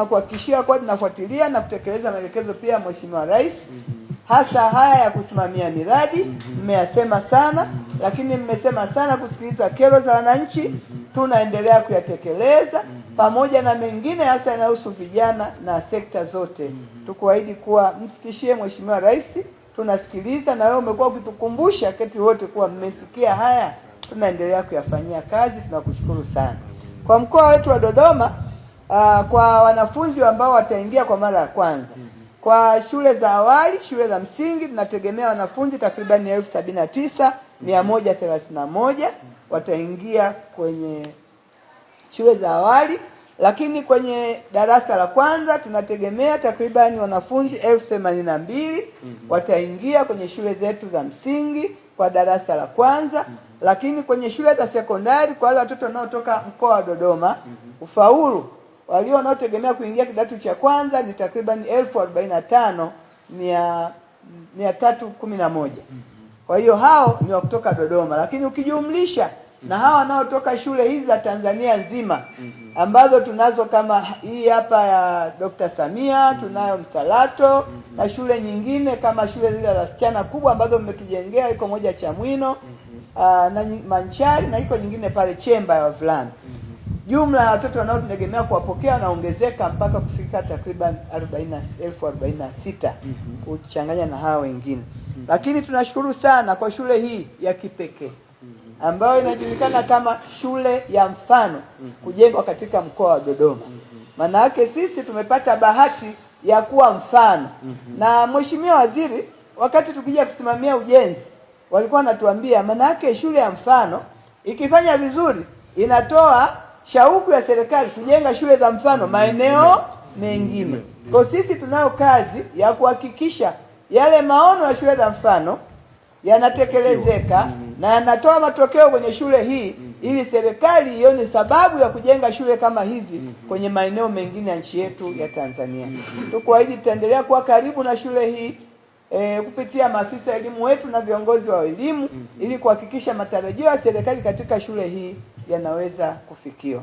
na kuhakikishia kuwa tunafuatilia na kutekeleza maelekezo pia ya Mheshimiwa Rais mm -hmm. hasa haya ya kusimamia miradi mmeyasema mm -hmm. sana mm -hmm. lakini mmesema sana kusikiliza kero za wananchi mm -hmm. tunaendelea kuyatekeleza mm -hmm. pamoja na mengine hasa yanayohusu vijana na sekta zote mm -hmm. tukuahidi kuwa mfikishie Mheshimiwa Rais tunasikiliza na wewe umekuwa ukitukumbusha keti wote kuwa mmesikia haya, tunaendelea kuyafanyia kazi. Tunakushukuru sana kwa mkoa wetu wa Dodoma uh, kwa wanafunzi ambao wataingia kwa mara ya kwanza. Mm-hmm. Kwa shule za awali, shule za msingi tunategemea wanafunzi takribani elfu sabini na tisa mia moja thelathini na moja wataingia kwenye shule za awali, lakini kwenye darasa la kwanza tunategemea takribani wanafunzi elfu themanini na mbili mm-hmm. wataingia kwenye shule zetu za msingi kwa darasa la kwanza. Mm-hmm. Lakini kwenye shule za sekondari kwa wale watoto wanaotoka mkoa wa Dodoma, ufaulu Walio wanaotegemea kuingia kidato cha kwanza ni takriban elfu arobaini na tano mia mia tatu kumi na moja. Kwa hiyo hao ni wa kutoka Dodoma, lakini ukijumlisha na hawa wanaotoka shule hizi za Tanzania nzima ambazo tunazo kama hii hapa ya Dr. Samia, tunayo Msalato na shule nyingine kama shule zile za wasichana kubwa ambazo mmetujengea, iko moja Chamwino mhm. ah, na Manchari na iko nyingine pale Chemba ya wavulana. Jumla ya watoto wanaotegemea kuwapokea wanaongezeka mpaka kufika takriban elfu arobaini na sita mhm. kuchanganya na hawa wengine mm -hmm. Lakini tunashukuru sana kwa shule hii ya kipekee mhm. ambayo inajulikana kama shule ya mfano mhm. kujengwa katika mkoa wa Dodoma maana yake sisi tumepata bahati ya kuwa mfano na Mheshimiwa Waziri wakati tukija kusimamia ujenzi walikuwa wanatuambia, maana yake shule ya mfano ikifanya vizuri inatoa shauku ya serikali kujenga shule za mfano maeneo mengine. Kwa sisi tunayo kazi ya kuhakikisha yale maono ya shule za mfano yanatekelezeka na yanatoa matokeo kwenye shule hii ili serikali ione sababu ya kujenga shule kama hizi kwenye maeneo mengine ya nchi yetu ya Tanzania. Tukuahidi tutaendelea kuwa karibu na shule hii e, kupitia maafisa elimu wetu na viongozi wa elimu ili kuhakikisha matarajio ya serikali katika shule hii yanaweza kufikiwa.